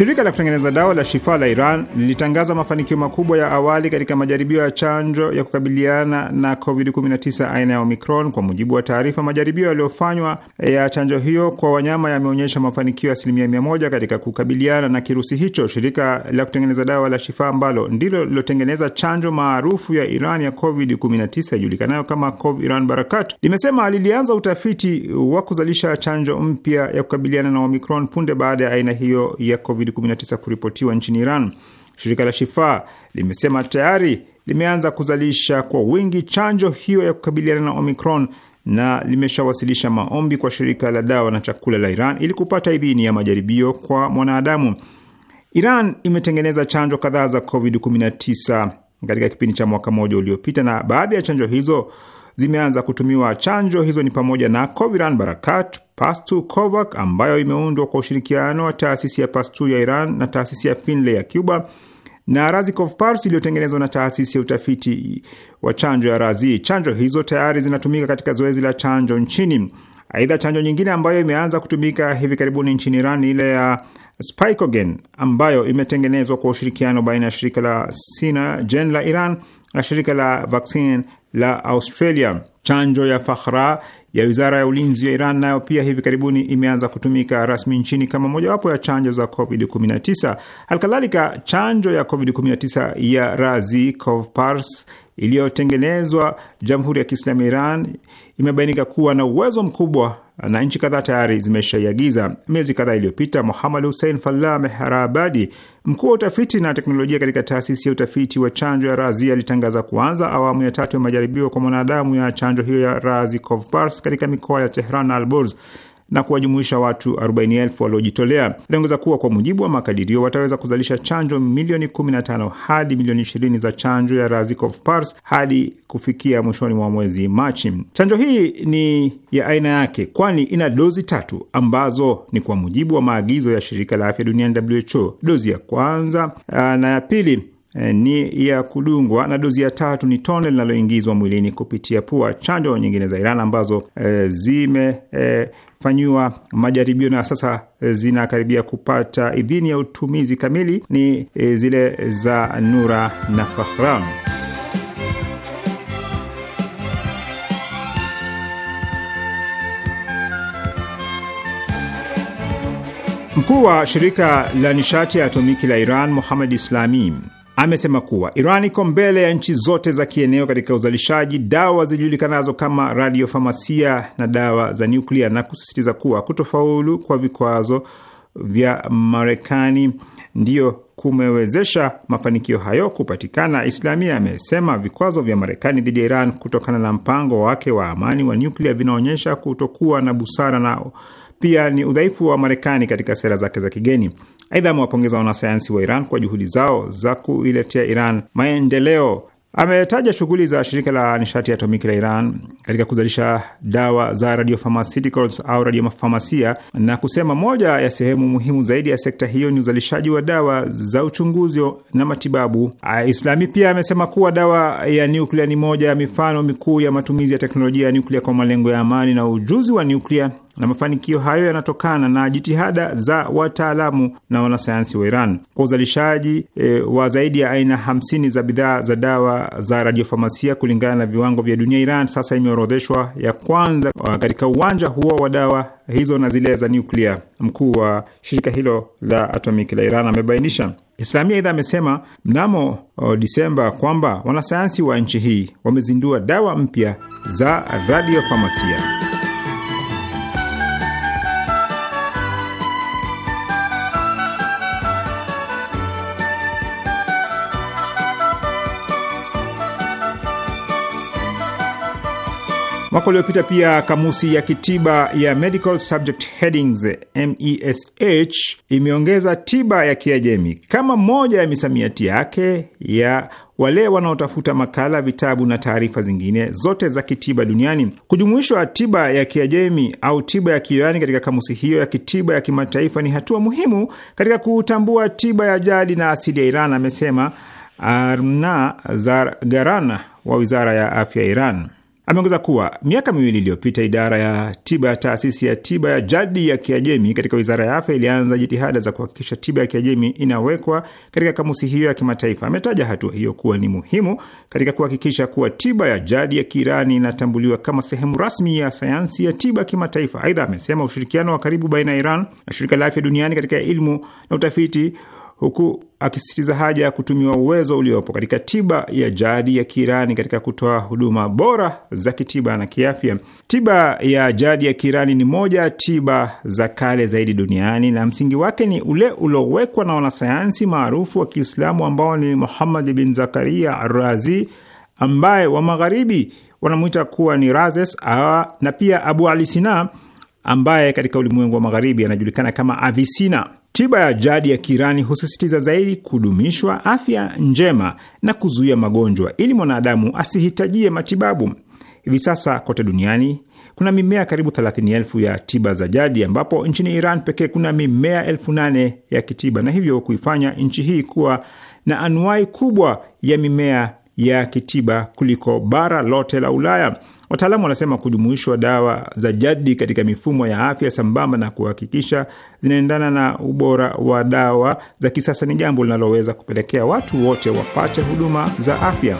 Shirika la kutengeneza dawa la Shifa la Iran lilitangaza mafanikio makubwa ya awali katika majaribio ya chanjo ya kukabiliana na COVID-19 aina ya Omicron. Kwa mujibu wa taarifa, majaribio yaliyofanywa ya chanjo hiyo kwa wanyama yameonyesha mafanikio ya asilimia mia moja katika kukabiliana na kirusi hicho. Shirika la kutengeneza dawa la Shifa ambalo ndilo lilotengeneza chanjo maarufu ya Iran ya COVID-19 ijulikanayo kama Iran Barakat limesema lilianza utafiti wa kuzalisha chanjo mpya ya kukabiliana na Omicron punde baada ya aina hiyo ya COVID COVID-19 kuripotiwa nchini Iran, shirika la Shifa limesema tayari limeanza kuzalisha kwa wingi chanjo hiyo ya kukabiliana na Omicron na limeshawasilisha maombi kwa shirika la dawa na chakula la Iran ili kupata idhini ya majaribio kwa mwanadamu. Iran imetengeneza chanjo kadhaa za COVID-19 katika kipindi cha mwaka mmoja uliopita, na baadhi ya chanjo hizo zimeanza kutumiwa chanjo hizo ni pamoja na Coviran Barakat, Pastu Covac ambayo imeundwa kwa ushirikiano wa taasisi ya Pastu ya Iran na taasisi ya Finlay ya Cuba na Razikov Pars iliyotengenezwa na taasisi ya utafiti wa chanjo ya Razi. Chanjo hizo tayari zinatumika katika zoezi la chanjo nchini. Aidha, chanjo nyingine ambayo imeanza kutumika hivi karibuni nchini Iran ni ile ya Spikogen ambayo imetengenezwa kwa ushirikiano baina ya shirika la Sina Jen la Iran na shirika la vaksini la Australia. Chanjo ya Fakhra ya wizara ya ulinzi ya Iran nayo pia hivi karibuni imeanza kutumika rasmi nchini kama mojawapo ya chanjo za COVID-19. Halikadhalika, chanjo ya COVID-19 ya Razi Covpars iliyotengenezwa Jamhuri ya Kiislamu ya Iran imebainika kuwa na uwezo mkubwa na nchi kadhaa tayari zimeshaiagiza. Miezi kadhaa iliyopita, Muhamad Hussein Fallah Mehrabadi, mkuu wa utafiti na teknolojia katika taasisi ya utafiti wa chanjo ya Razi, alitangaza kuanza awamu ya tatu ya majaribio kwa mwanadamu ya chanjo hiyo ya Razi Covpars katika mikoa ya Tehran na Albors na kuwajumuisha watu elfu waliojitolea. Aliongeza kuwa kwa mujibu wa makadirio, wataweza kuzalisha chanjo milioni 15 hadi milioni 20 za chanjo ya Razik Pars hadi kufikia mwishoni mwa mwezi Machi. Chanjo hii ni ya aina yake, kwani ina dozi tatu ambazo ni kwa mujibu wa maagizo ya shirika la afya duniani WHO. Dozi ya kwanza na ya pili Eh, ni ya kudungwa na dozi ya tatu ni tone linaloingizwa mwilini kupitia pua. Chanjo nyingine za Iran ambazo e, zimefanyiwa e, majaribio na sasa e, zinakaribia kupata idhini ya utumizi kamili ni e, zile za Nura na Fakhram. Mkuu wa shirika la nishati ya atomiki la Iran Mohamed Islami amesema kuwa Iran iko mbele ya nchi zote za kieneo katika uzalishaji dawa zijulikanazo kama radiofarmasia na dawa za nyuklia na kusisitiza kuwa kutofaulu kwa vikwazo vya Marekani ndiyo kumewezesha mafanikio hayo kupatikana. Islamia amesema vikwazo vya Marekani dhidi ya Iran kutokana na mpango wake wa amani wa nyuklia vinaonyesha kutokuwa na busara nao pia ni udhaifu wa Marekani katika sera zake za kigeni. Aidha, amewapongeza wanasayansi wa Iran kwa juhudi zao za kuiletea Iran maendeleo. Ametaja shughuli za shirika la nishati ya atomiki la Iran katika kuzalisha dawa za radiopharmaceuticals au radiofarmasia na kusema moja ya sehemu muhimu zaidi ya sekta hiyo ni uzalishaji wa dawa za uchunguzi na matibabu. Islami pia amesema kuwa dawa ya nuklia ni moja ya mifano mikuu ya matumizi ya teknolojia ya nuklia kwa malengo ya amani na ujuzi wa nuklia na mafanikio hayo yanatokana na jitihada za wataalamu na wanasayansi wa Iran kwa uzalishaji e, wa zaidi ya aina hamsini za bidhaa za dawa za radiofarmasia kulingana na viwango vya dunia. Iran sasa imeorodheshwa ya kwanza e, katika uwanja huo wa dawa hizo na zile za nuklia Mkuu wa shirika hilo la atomiki la Iran amebainisha. Islamia aidha amesema mnamo e, Disemba kwamba wanasayansi wa nchi hii wamezindua dawa mpya za radiofarmasia. Mwaka uliopita pia kamusi ya kitiba ya Medical Subject Headings MESH imeongeza tiba ya Kiajemi kama moja ya misamiati yake ya wale wanaotafuta makala, vitabu na taarifa zingine zote za kitiba duniani. Kujumuishwa tiba ya Kiajemi au tiba ya Kiirani katika kamusi hiyo ya kitiba ya kimataifa ni hatua muhimu katika kutambua tiba ya jadi na asili ya Iran, amesema Arna Zargaran wa wizara ya afya ya Iran. Ameongeza kuwa miaka miwili iliyopita idara ya tiba ya taasisi ya tiba ya jadi ya Kiajemi katika wizara ya afya ilianza jitihada za kuhakikisha tiba ya Kiajemi inawekwa katika kamusi hiyo ya kimataifa. Ametaja hatua hiyo kuwa ni muhimu katika kuhakikisha kuwa tiba ya jadi ya Kiirani inatambuliwa kama sehemu rasmi ya sayansi ya tiba kimataifa. Aidha, amesema ushirikiano wa karibu baina ya Iran na shirika la afya duniani katika elimu na utafiti huku akisisitiza haja ya kutumiwa uwezo uliopo katika tiba ya jadi ya Kiirani katika kutoa huduma bora za kitiba na kiafya. Tiba ya jadi ya Kiirani ni moja tiba za kale zaidi duniani na msingi wake ni ule uliowekwa na wanasayansi maarufu wa Kiislamu ambao ni Muhammad bin Zakaria Razi ambaye wa Magharibi wanamwita kuwa ni Razes na pia Abu Ali Sina ambaye katika ulimwengu wa Magharibi anajulikana kama Avisina. Tiba ya jadi ya Kirani husisitiza zaidi kudumishwa afya njema na kuzuia magonjwa ili mwanadamu asihitajie matibabu. Hivi sasa kote duniani kuna mimea karibu thelathini elfu ya tiba za jadi ambapo nchini Iran pekee kuna mimea elfu nane ya kitiba na hivyo kuifanya nchi hii kuwa na anuai kubwa ya mimea ya kitiba kuliko bara lote la Ulaya. Wataalamu wanasema kujumuishwa dawa za jadi katika mifumo ya afya sambamba na kuhakikisha zinaendana na ubora wa dawa za kisasa ni jambo linaloweza kupelekea watu wote wapate huduma za afya.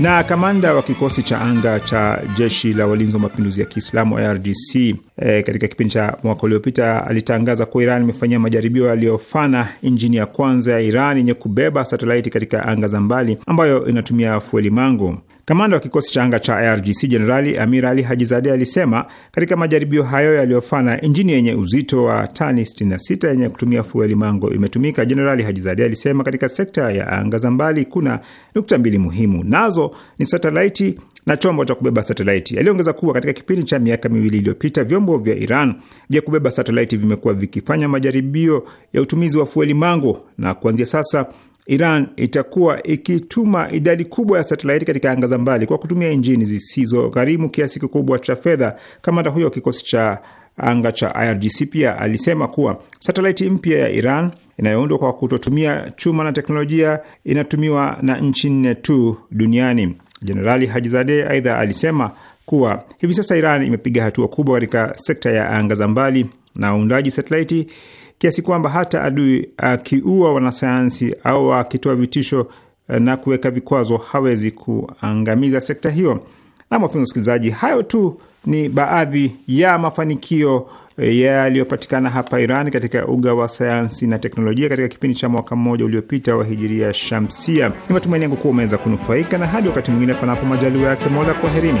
na kamanda wa kikosi cha anga cha jeshi la walinzi wa mapinduzi ya Kiislamu IRGC e, eh, katika kipindi cha mwaka uliopita alitangaza kuwa Iran imefanyia majaribio yaliyofana injini ya kwanza ya Iran yenye kubeba satelaiti katika anga za mbali ambayo inatumia fueli mangu. Kamanda wa kikosi cha anga cha IRGC Jenerali Amir Ali Hajizadeh alisema katika majaribio hayo yaliyofana, injini yenye uzito wa tani 66 yenye kutumia fueli mango imetumika. Jenerali Hajizadeh alisema katika sekta ya anga za mbali kuna nukta mbili muhimu, nazo ni satelaiti na chombo cha kubeba satelaiti. Aliongeza kuwa katika kipindi cha miaka miwili iliyopita vyombo vya Iran vya kubeba satelaiti vimekuwa vikifanya majaribio ya utumizi wa fueli mango, na kuanzia sasa Iran itakuwa ikituma idadi kubwa ya satelaiti katika anga za mbali kwa kutumia injini zisizo gharimu kiasi kikubwa cha fedha. Kamanda huyo wa kikosi cha anga cha IRGC pia alisema kuwa satelaiti mpya ya Iran inayoundwa kwa kutotumia chuma na teknolojia inatumiwa na nchi nne tu duniani. Jenerali Hajizadeh aidha alisema kuwa hivi sasa Iran imepiga hatua kubwa katika sekta ya anga za mbali na uundaji satelaiti kiasi kwamba hata adui akiua wanasayansi au akitoa vitisho eh, na kuweka vikwazo hawezi kuangamiza sekta hiyo. Na wapenzi wasikilizaji, hayo tu ni baadhi ya mafanikio eh, yaliyopatikana hapa Iran katika uga wa sayansi na teknolojia katika kipindi cha mwaka mmoja uliopita wa hijiria shamsia. Ni matumaini yangu kuwa umeweza kunufaika, na hadi wakati mwingine, panapo majaliwa yake Mola, kwaherini.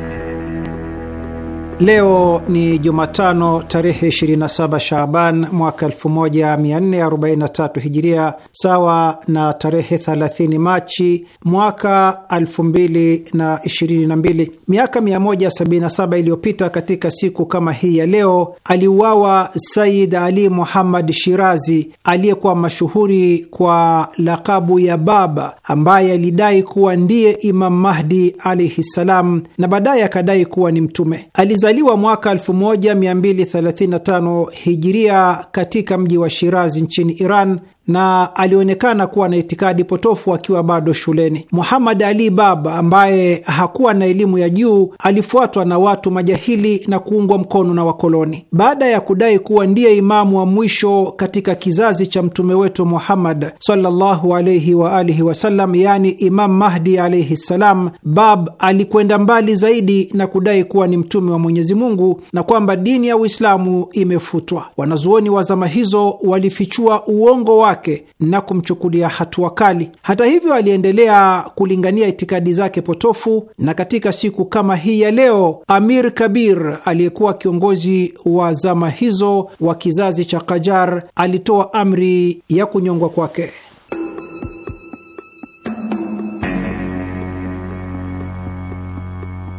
Leo ni Jumatano tarehe 27 Shaaban mwaka 1443 Hijiria, sawa na tarehe 30 Machi mwaka 2022. Miaka 177 iliyopita katika siku kama hii ya leo aliuawa Said Ali Muhammad Shirazi aliyekuwa mashuhuri kwa lakabu ya Baba, ambaye alidai kuwa ndiye Imam Mahdi alaihi ssalam, na baadaye akadai kuwa ni mtume Aliza Alizaliwa mwaka 1235 hijiria katika mji wa Shirazi nchini Iran na alionekana kuwa na itikadi potofu akiwa bado shuleni. Muhammad Ali Baba, ambaye hakuwa na elimu ya juu, alifuatwa na watu majahili na kuungwa mkono na wakoloni. Baada ya kudai kuwa ndiye imamu wa mwisho katika kizazi cha mtume wetu Muhammad sallallahu alayhi wa alihi wasallam, Imam Mahdi alaihi ssalam, Bab alikwenda mbali zaidi na kudai kuwa ni mtume wa Mwenyezi Mungu na kwamba dini ya Uislamu imefutwa. Wanazuoni wa zama hizo walifichua uongo wake zake na kumchukulia hatua kali. Hata hivyo, aliendelea kulingania itikadi zake potofu, na katika siku kama hii ya leo, Amir Kabir aliyekuwa kiongozi wa zama hizo wa kizazi cha Kajar alitoa amri ya kunyongwa kwake.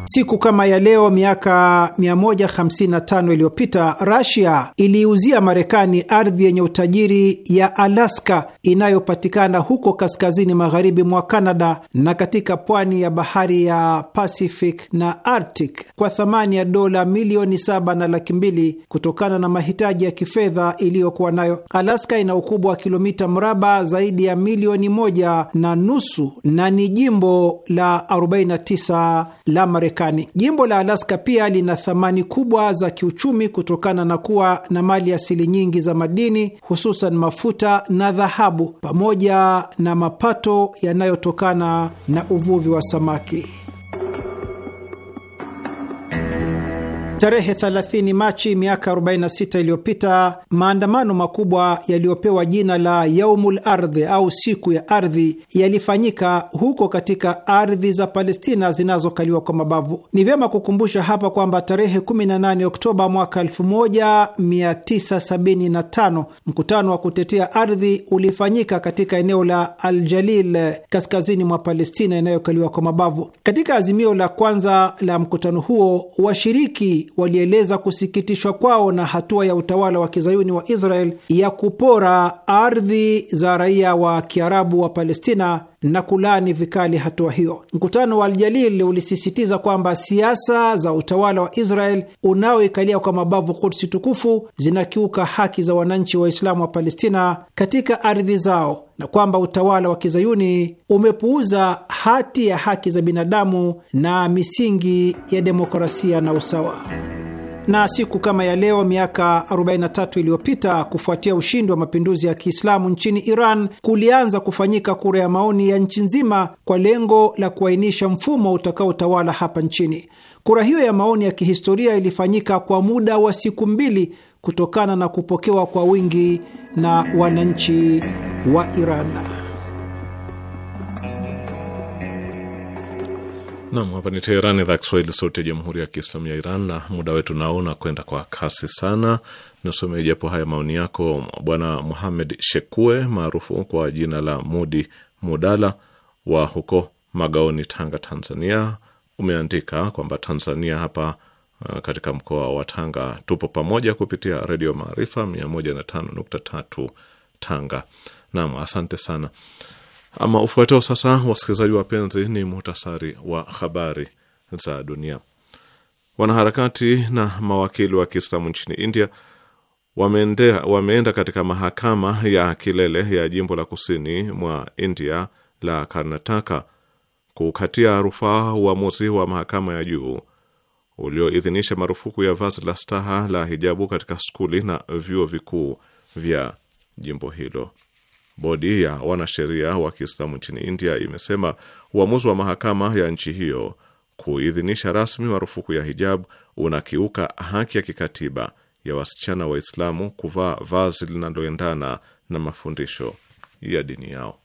Siku kama ya leo miaka 155 iliyopita Rasia iliuzia Marekani ardhi yenye utajiri ya Alaska inayopatikana huko kaskazini magharibi mwa canada na katika pwani ya bahari ya Pacific na Arctic kwa thamani ya dola milioni saba na laki mbili kutokana na mahitaji ya kifedha iliyokuwa nayo. Alaska ina ukubwa wa kilomita mraba zaidi ya milioni moja na nusu na ni jimbo la 49 la Marekani Marekani. Jimbo la Alaska pia lina thamani kubwa za kiuchumi kutokana na kuwa na mali asili nyingi za madini, hususan mafuta na dhahabu, pamoja na mapato yanayotokana na uvuvi wa samaki. Tarehe 30 Machi miaka 46 iliyopita, maandamano makubwa yaliyopewa jina la Yaumul Ardhi au siku ya ardhi yalifanyika huko katika ardhi za Palestina zinazokaliwa kwa mabavu. Ni vyema kukumbusha hapa kwamba tarehe 18 Oktoba mwaka 1975 mkutano wa kutetea ardhi ulifanyika katika eneo la Aljalil kaskazini mwa Palestina inayokaliwa kwa mabavu. Katika azimio la kwanza la mkutano huo washiriki walieleza kusikitishwa kwao na hatua ya utawala wa kizayuni wa Israel ya kupora ardhi za raia wa Kiarabu wa Palestina na kulaani vikali hatua hiyo. Mkutano wa Aljalil ulisisitiza kwamba siasa za utawala wa Israel unaoikalia kwa mabavu Kudsi tukufu zinakiuka haki za wananchi Waislamu wa Palestina katika ardhi zao na kwamba utawala wa kizayuni umepuuza hati ya haki za binadamu na misingi ya demokrasia na usawa na siku kama ya leo miaka 43 iliyopita, kufuatia ushindi wa mapinduzi ya Kiislamu nchini Iran, kulianza kufanyika kura ya maoni ya nchi nzima kwa lengo la kuainisha mfumo utakaotawala hapa nchini. Kura hiyo ya maoni ya kihistoria ilifanyika kwa muda wa siku mbili kutokana na kupokewa kwa wingi na wananchi wa Iran. Nam, hapa ni Teherani, idhaa Kiswahili, sauti ya jamhuri ya kiislamu ya Iran. Na muda wetu naona kwenda kwa kasi sana, nasome japo haya maoni yako. Bwana Muhamed Shekue maarufu kwa jina la Mudi Mudala wa huko Magaoni, Tanga, Tanzania, umeandika kwamba Tanzania hapa uh, katika mkoa wa Tanga tupo pamoja kupitia Redio Maarifa 105.3 Tanga. Nam, asante sana. Ama ufuatao sasa, wasikilizaji wapenzi, ni muhtasari wa habari za dunia. Wanaharakati na mawakili wa Kiislamu nchini India wameenda wameenda katika mahakama ya kilele ya jimbo la kusini mwa India la Karnataka kukatia rufaa uamuzi wa mahakama ya juu ulioidhinisha marufuku ya vazi la staha la hijabu katika skuli na vyuo vikuu vya jimbo hilo. Bodi ya wanasheria wa Kiislamu nchini India imesema uamuzi wa mahakama ya nchi hiyo kuidhinisha rasmi marufuku ya hijab unakiuka haki ya kikatiba ya wasichana Waislamu kuvaa vazi linaloendana na mafundisho ya dini yao.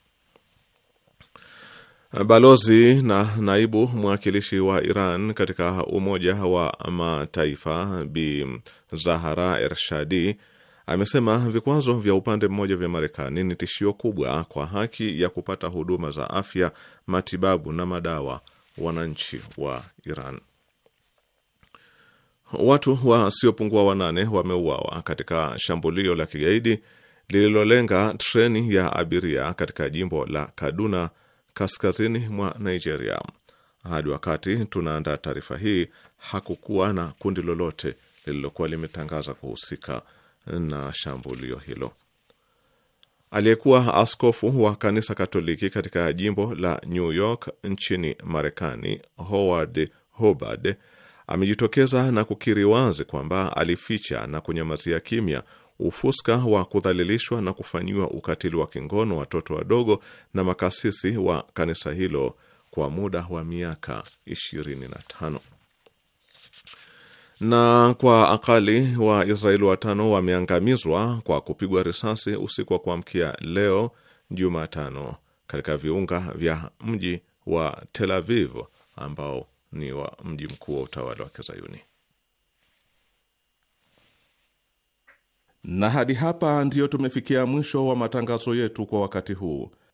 Balozi na naibu mwakilishi wa Iran katika Umoja wa Mataifa Bi Zahara Ershadi Amesema vikwazo vya upande mmoja vya Marekani ni tishio kubwa kwa haki ya kupata huduma za afya, matibabu na madawa wananchi wa Iran. Watu wasiopungua wanane wameuawa katika shambulio la kigaidi lililolenga treni ya abiria katika jimbo la Kaduna kaskazini mwa Nigeria. Hadi wakati tunaandaa taarifa hii, hakukuwa na kundi lolote lililokuwa limetangaza kuhusika na shambulio hilo. Aliyekuwa askofu wa kanisa Katoliki katika jimbo la New York nchini Marekani, Howard Hobard amejitokeza na kukiri wazi kwamba alificha na kunyamazia kimya ufuska wa kudhalilishwa na kufanyiwa ukatili wa kingono watoto wadogo na makasisi wa kanisa hilo kwa muda wa miaka 25 na kwa akali Waisraeli watano wameangamizwa kwa kupigwa risasi usiku wa kuamkia leo Jumatano katika viunga vya mji wa Tel Aviv ambao ni wa mji mkuu wa utawala wa Kizayuni. Na hadi hapa ndiyo tumefikia mwisho wa matangazo yetu kwa wakati huu.